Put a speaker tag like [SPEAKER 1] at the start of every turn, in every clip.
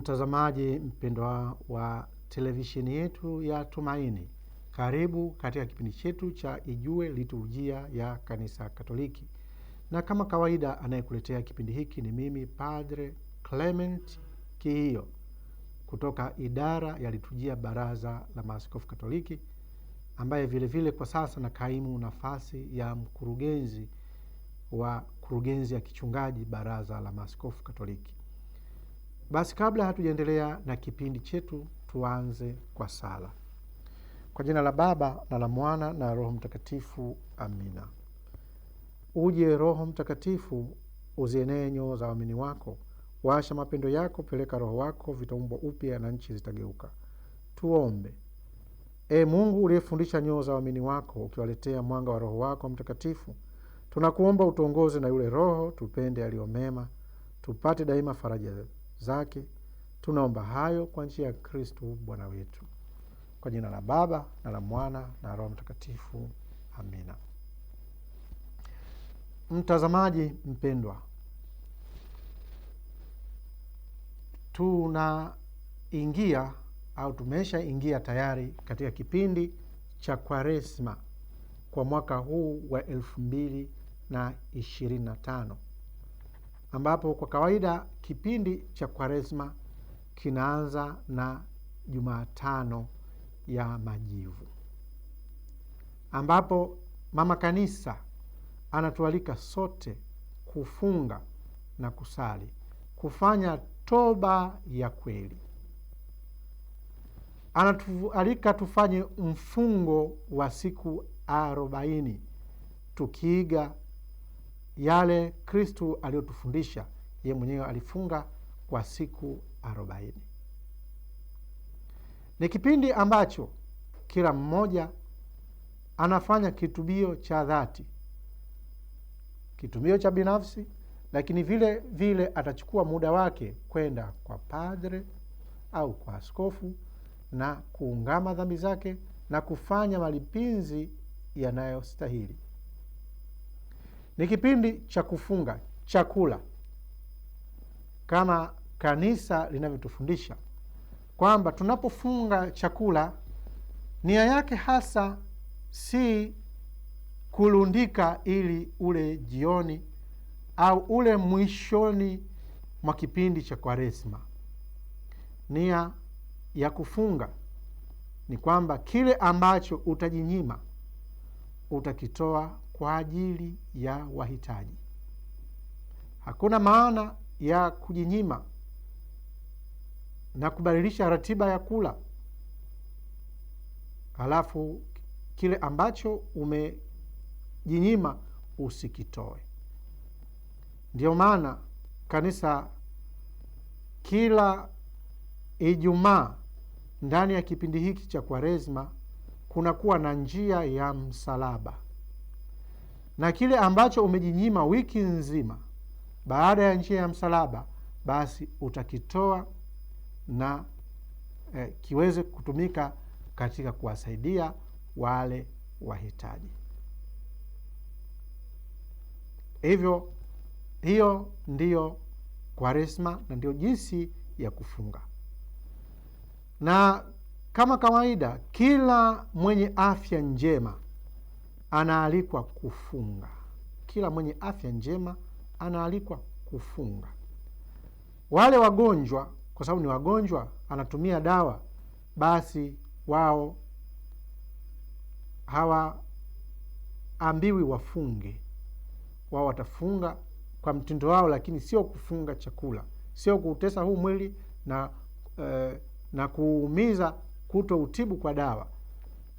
[SPEAKER 1] Mtazamaji mpendwa wa televisheni yetu ya Tumaini, karibu katika kipindi chetu cha Ijue Liturujia ya Kanisa Katoliki, na kama kawaida, anayekuletea kipindi hiki ni mimi Padre Clement Kihiyo kutoka idara ya liturujia, Baraza la Maaskofu Katoliki, ambaye vilevile vile kwa sasa na kaimu nafasi ya mkurugenzi wa kurugenzi ya kichungaji Baraza la Maaskofu Katoliki. Basi kabla hatujaendelea na kipindi chetu, tuanze kwa sala. Kwa jina la Baba na la Mwana na Roho Mtakatifu, amina. Uje Roho Mtakatifu, uzienee nyoo za waamini wako, waasha mapendo yako, peleka Roho wako, vitaumbwa upya na nchi zitageuka. Tuombe. E Mungu uliyefundisha nyoo za waamini wako, ukiwaletea mwanga wa Roho wako Mtakatifu, tunakuomba utuongoze na yule Roho tupende yaliyo mema, tupate daima faraja zake. Tunaomba hayo kwa njia ya Kristu Bwana wetu. Kwa jina la Baba na la Mwana na Roho Mtakatifu, amina. Mtazamaji mpendwa, tunaingia au tumeshaingia tayari katika kipindi cha Kwaresma kwa mwaka huu wa elfu mbili na ishirini na tano ambapo kwa kawaida kipindi cha Kwaresma kinaanza na Jumatano ya Majivu, ambapo Mama Kanisa anatualika sote kufunga na kusali, kufanya toba ya kweli. Anatualika tufanye mfungo wa siku arobaini tukiiga yale Kristu aliyotufundisha. Yeye mwenyewe alifunga kwa siku arobaini. Ni kipindi ambacho kila mmoja anafanya kitubio cha dhati, kitubio cha binafsi, lakini vile vile atachukua muda wake kwenda kwa padre au kwa askofu na kuungama dhambi zake na kufanya malipinzi yanayostahili. Ni kipindi cha kufunga chakula kama kanisa linavyotufundisha kwamba tunapofunga chakula, nia yake hasa si kulundika ili ule jioni au ule mwishoni mwa kipindi cha Kwaresma. Nia ya kufunga ni kwamba kile ambacho utajinyima utakitoa kwa ajili ya wahitaji. Hakuna maana ya kujinyima na kubadilisha ratiba ya kula, halafu kile ambacho umejinyima usikitoe. Ndiyo maana kanisa kila Ijumaa ndani ya kipindi hiki cha Kwaresma kunakuwa na njia ya msalaba na kile ambacho umejinyima wiki nzima baada ya njia ya msalaba, basi utakitoa na eh, kiweze kutumika katika kuwasaidia wale wahitaji. Hivyo hiyo ndiyo Kwaresma na ndiyo jinsi ya kufunga. Na kama kawaida, kila mwenye afya njema anaalikwa kufunga. Kila mwenye afya njema anaalikwa kufunga. Wale wagonjwa, kwa sababu ni wagonjwa, anatumia dawa, basi wao hawaambiwi wafunge. Wao watafunga kwa mtindo wao, lakini sio kufunga chakula, sio kuutesa huu mwili na eh, na kuumiza utibu kwa dawa.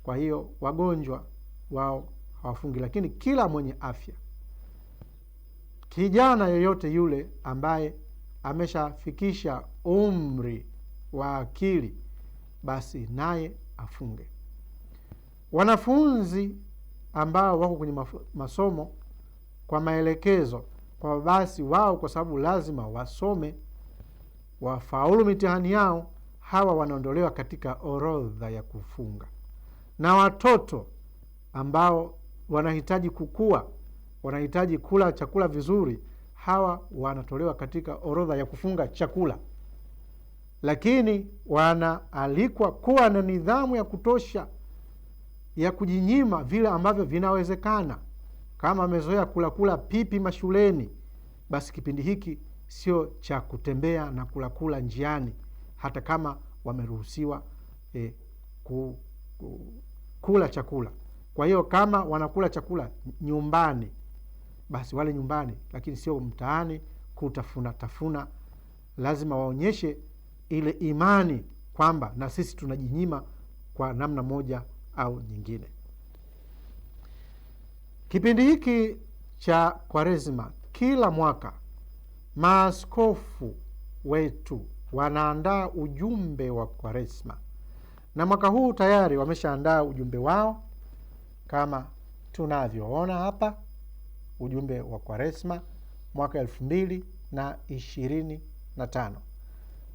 [SPEAKER 1] Kwa hiyo wagonjwa wao hawafungi, lakini kila mwenye afya, kijana yoyote yule ambaye ameshafikisha umri wa akili, basi naye afunge. Wanafunzi ambao wako kwenye masomo kwa maelekezo, kwa basi wao, kwa sababu lazima wasome wafaulu mitihani yao, hawa wanaondolewa katika orodha ya kufunga, na watoto ambao wanahitaji kukua, wanahitaji kula chakula vizuri, hawa wanatolewa katika orodha ya kufunga chakula, lakini wanaalikwa kuwa na nidhamu ya kutosha ya kujinyima vile ambavyo vinawezekana. Kama amezoea kulakula pipi mashuleni, basi kipindi hiki sio cha kutembea na kulakula njiani, hata kama wameruhusiwa eh, ku, ku, kula chakula. Kwa hiyo kama wanakula chakula nyumbani, basi wale nyumbani, lakini sio mtaani kutafuna tafuna. Lazima waonyeshe ile imani kwamba na sisi tunajinyima kwa namna moja au nyingine. Kipindi hiki cha Kwaresima kila mwaka maaskofu wetu wanaandaa ujumbe wa Kwaresma, na mwaka huu tayari wameshaandaa ujumbe wao kama tunavyoona hapa, ujumbe wa Kwaresma mwaka elfu mbili na ishirini na tano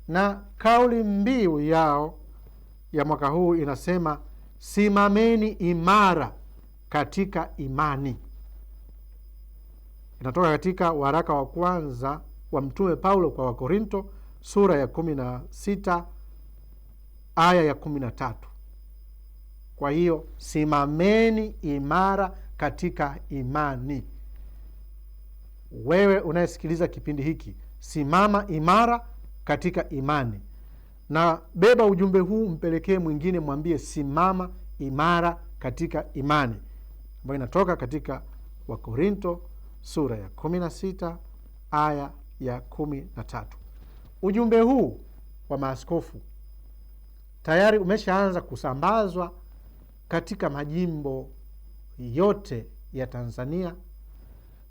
[SPEAKER 1] na kauli mbiu yao ya mwaka huu inasema simameni imara katika imani. Inatoka katika waraka wa kwanza wa Mtume Paulo kwa Wakorinto sura ya kumi na sita aya ya kumi na tatu. Kwa hiyo simameni imara katika imani. Wewe unayesikiliza kipindi hiki, simama imara katika imani, na beba ujumbe huu, mpelekee mwingine, mwambie simama imara katika imani, ambayo inatoka katika Wakorinto sura ya kumi na sita aya ya kumi na tatu. Ujumbe huu wa maaskofu tayari umeshaanza kusambazwa katika majimbo yote ya Tanzania,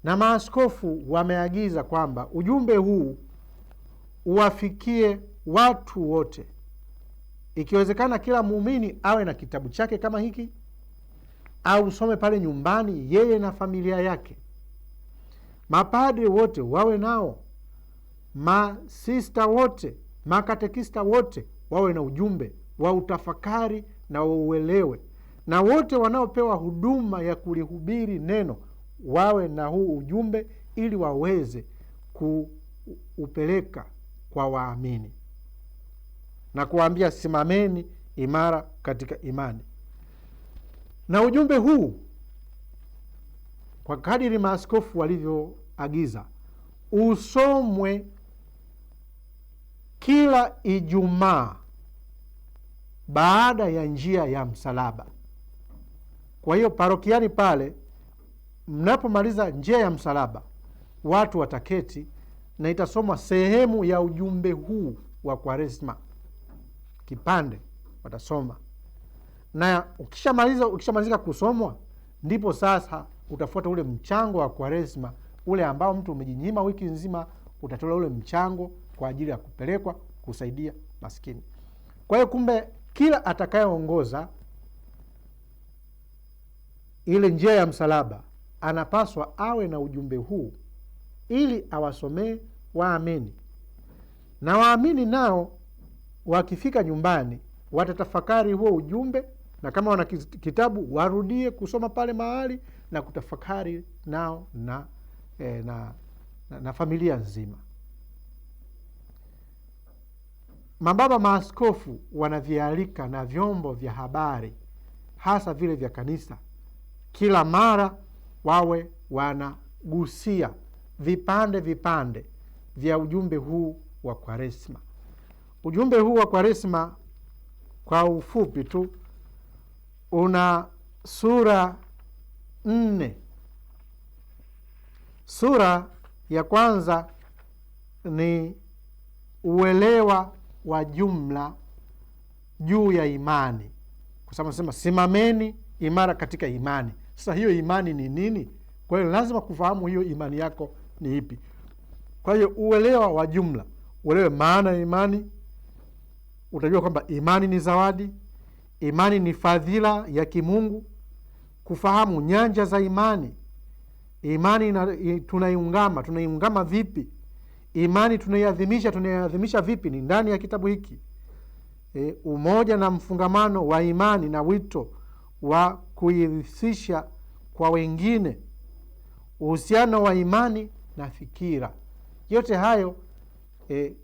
[SPEAKER 1] na maaskofu wameagiza kwamba ujumbe huu uwafikie watu wote, ikiwezekana kila muumini awe na kitabu chake kama hiki au usome pale nyumbani, yeye na familia yake. mapadre wote wawe nao, masista wote, makatekista wote wawe na ujumbe wa utafakari na wauelewe na wote wanaopewa huduma ya kulihubiri neno wawe na huu ujumbe ili waweze kuupeleka kwa waamini na kuwaambia simameni imara katika imani. Na ujumbe huu kwa kadiri maaskofu walivyoagiza usomwe kila Ijumaa baada ya njia ya msalaba. Kwa hiyo parokiani pale mnapomaliza njia ya msalaba, watu wataketi na itasomwa sehemu ya ujumbe huu wa Kwaresma, kipande watasoma, na ukishamaliza ukishamalizika kusomwa, ndipo sasa utafuata ule mchango wa Kwaresma, ule ambao mtu umejinyima wiki nzima, utatola ule mchango kwa ajili ya kupelekwa kusaidia maskini. Kwa hiyo kumbe, kila atakayeongoza ile njia ya msalaba, anapaswa awe na ujumbe huu ili awasomee waamini, na waamini nao wakifika nyumbani watatafakari huo ujumbe, na kama wana kitabu warudie kusoma pale mahali na kutafakari nao na, e, na, na, na familia nzima. Mababa maaskofu wanavyoalika na vyombo vya habari hasa vile vya kanisa kila mara wawe wanagusia vipande vipande vya ujumbe huu wa Kwaresma. Ujumbe huu wa Kwaresma kwa ufupi tu una sura nne. Sura ya kwanza ni uelewa wa jumla juu ya imani, kwa sababu nasema simameni imara katika imani. Sasa hiyo imani ni nini? Kwa hiyo lazima kufahamu hiyo imani yako ni ipi. Kwa hiyo uelewa wa jumla, uelewe maana ya imani. Utajua kwamba imani ni zawadi, imani ni fadhila ya kimungu. Kufahamu nyanja za imani, imani tunaiungama, tunaiungama vipi? Imani tunaiadhimisha, tunaiadhimisha vipi? Ni ndani ya kitabu hiki. E, umoja na mfungamano wa imani na wito wa kuirithisha kwa wengine, uhusiano wa imani na fikira. Yote hayo e,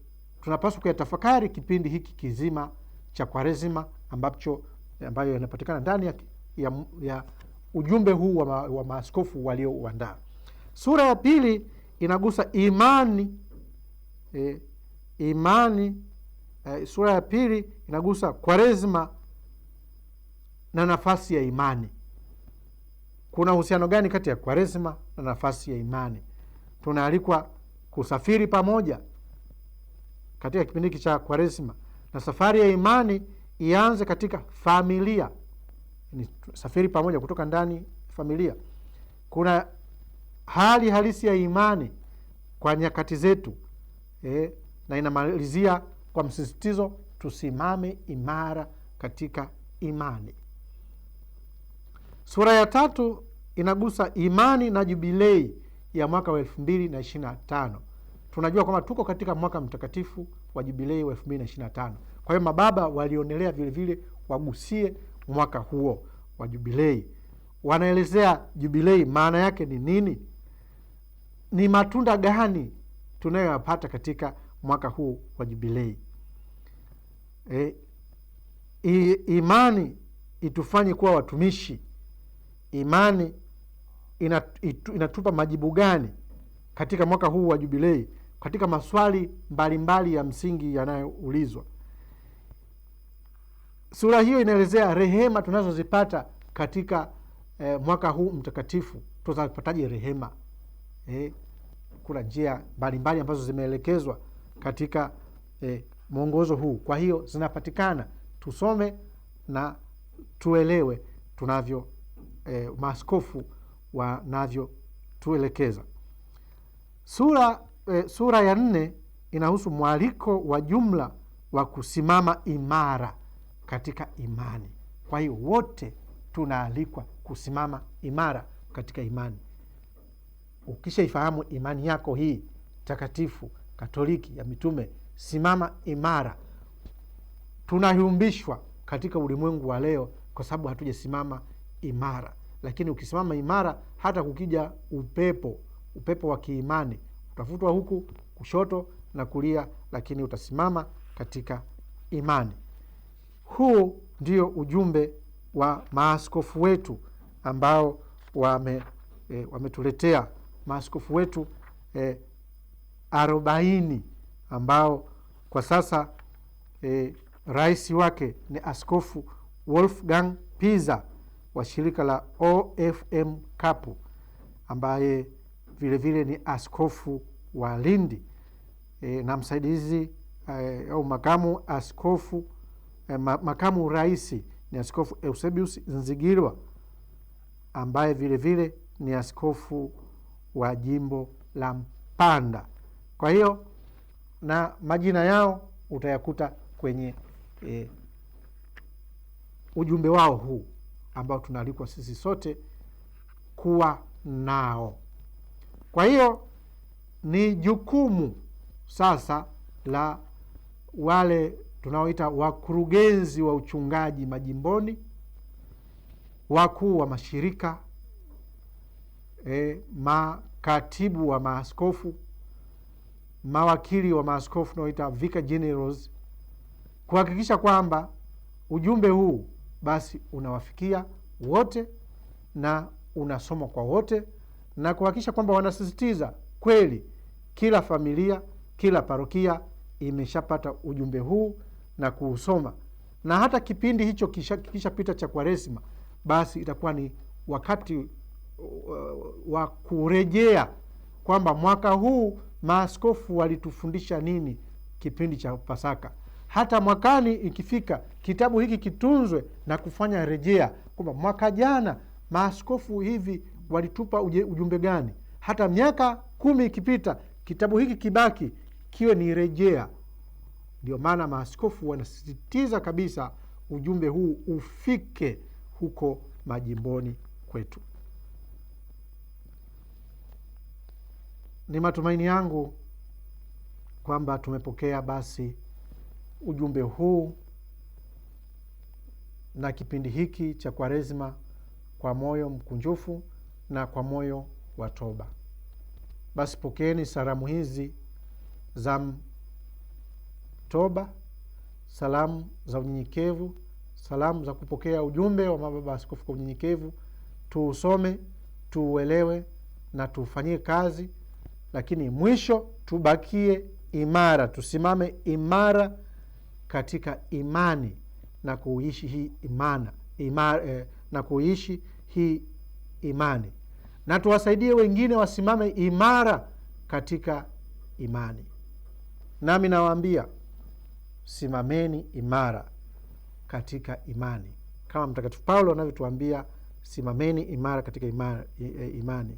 [SPEAKER 1] tunapaswa kuyatafakari kipindi hiki kizima cha kwarezima ambacho ambayo yanapatikana ndani ya, ya, ya ujumbe huu wa, ma, wa maaskofu waliouandaa. Sura ya pili inagusa imani e, imani e, sura ya pili inagusa kwarezima na nafasi ya imani. Kuna uhusiano gani kati ya Kwaresma na nafasi ya imani? Tunaalikwa kusafiri pamoja katika kipindi hiki cha Kwaresma, na safari ya imani ianze katika familia. Ni safiri pamoja kutoka ndani familia. Kuna hali halisi ya imani kwa nyakati zetu e, na inamalizia kwa msisitizo tusimame imara katika imani. Sura ya tatu inagusa imani na jubilei ya mwaka wa elfu mbili na ishirini na tano. Tunajua kwamba tuko katika mwaka mtakatifu wa jubilei wa elfu mbili na ishirini na tano. Kwa hiyo mababa walionelea vilevile wagusie mwaka huo wa jubilei. Wanaelezea jubilei maana yake ni nini, ni matunda gani tunayoyapata katika mwaka huu wa jubilei. E, imani itufanye kuwa watumishi imani inatupa majibu gani katika mwaka huu wa Jubilei, katika maswali mbalimbali ya msingi yanayoulizwa. Sura hiyo inaelezea rehema tunazozipata katika eh, mwaka huu mtakatifu. tuzapataji rehema eh? Kuna njia mbalimbali ambazo zimeelekezwa katika eh, mwongozo huu, kwa hiyo zinapatikana. Tusome na tuelewe tunavyo eh, maaskofu wanavyotuelekeza. Sura, eh, sura ya nne inahusu mwaliko wa jumla wa kusimama imara katika imani. Kwa hiyo wote tunaalikwa kusimama imara katika imani. Ukishaifahamu imani yako hii takatifu Katoliki ya mitume, simama imara. Tunayumbishwa katika ulimwengu wa leo kwa sababu hatujasimama imara. Lakini ukisimama imara, hata kukija upepo, upepo wa kiimani utafutwa huku kushoto na kulia, lakini utasimama katika imani. Huu ndio ujumbe wa maaskofu wetu ambao wame e, wametuletea maaskofu wetu e, arobaini ambao kwa sasa e, rais wake ni Askofu Wolfgang Pisa wa shirika la OFM Kapu ambaye vilevile vile ni askofu wa Lindi e, na msaidizi e, au makamu askofu e, makamu raisi ni askofu Eusebius Nzigilwa ambaye vilevile vile ni askofu wa jimbo la Mpanda. Kwa hiyo na majina yao utayakuta kwenye e, ujumbe wao huu ambao tunaalikwa sisi sote kuwa nao. Kwa hiyo ni jukumu sasa la wale tunaoita wakurugenzi wa uchungaji majimboni, wakuu wa mashirika e, makatibu wa maaskofu, mawakili wa maaskofu tunaoita vicar generals, kuhakikisha kwamba ujumbe huu basi unawafikia wote na unasoma kwa wote na kuhakikisha kwamba wanasisitiza kweli, kila familia, kila parokia imeshapata ujumbe huu na kuusoma, na hata kipindi hicho kikishapita cha Kwaresima, basi itakuwa ni wakati uh, wa kurejea kwamba mwaka huu maaskofu walitufundisha nini kipindi cha Pasaka hata mwakani ikifika kitabu hiki kitunzwe na kufanya rejea kwamba mwaka jana maaskofu hivi walitupa uje, ujumbe gani. Hata miaka kumi ikipita kitabu hiki kibaki kiwe ni rejea. Ndio maana maaskofu wanasisitiza kabisa ujumbe huu ufike huko majimboni kwetu. Ni matumaini yangu kwamba tumepokea basi ujumbe huu na kipindi hiki cha Kwaresma kwa moyo mkunjufu na kwa moyo wa toba. Basi pokeeni salamu hizi za toba, salamu za unyenyekevu, salamu za kupokea ujumbe wa mababa askofu kwa unyenyekevu. Tuusome, tuuelewe na tufanyie kazi, lakini mwisho tubakie imara, tusimame imara katika imani na kuishi hii imana, ima, eh, na kuishi hii imani na tuwasaidie wengine wasimame imara katika imani. Nami nawaambia simameni imara katika imani, kama Mtakatifu Paulo anavyotuambia simameni imara katika imani, e, imani.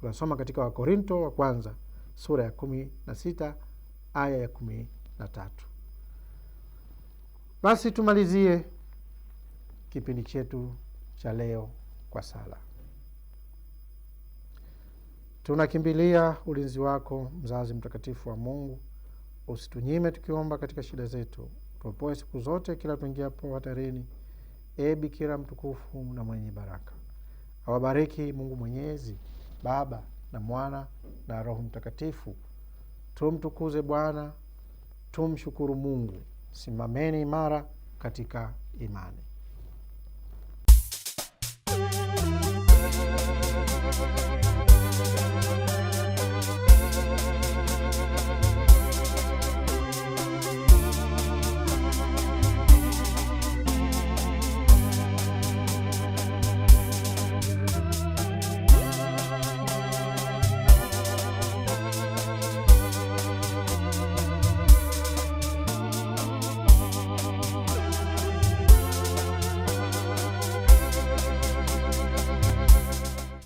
[SPEAKER 1] Tunasoma katika Wakorinto wa kwanza sura ya kumi na sita aya ya kumi na tatu. Basi tumalizie kipindi chetu cha leo kwa sala. Tunakimbilia ulinzi wako, mzazi mtakatifu wa Mungu, usitunyime tukiomba katika shida zetu, tuopoe siku zote kila tuingiapo hatarini. E Bikira mtukufu na mwenye baraka, awabariki Mungu Mwenyezi, Baba na Mwana na Roho Mtakatifu. Tumtukuze Bwana, tumshukuru Mungu. Simameni imara katika imani.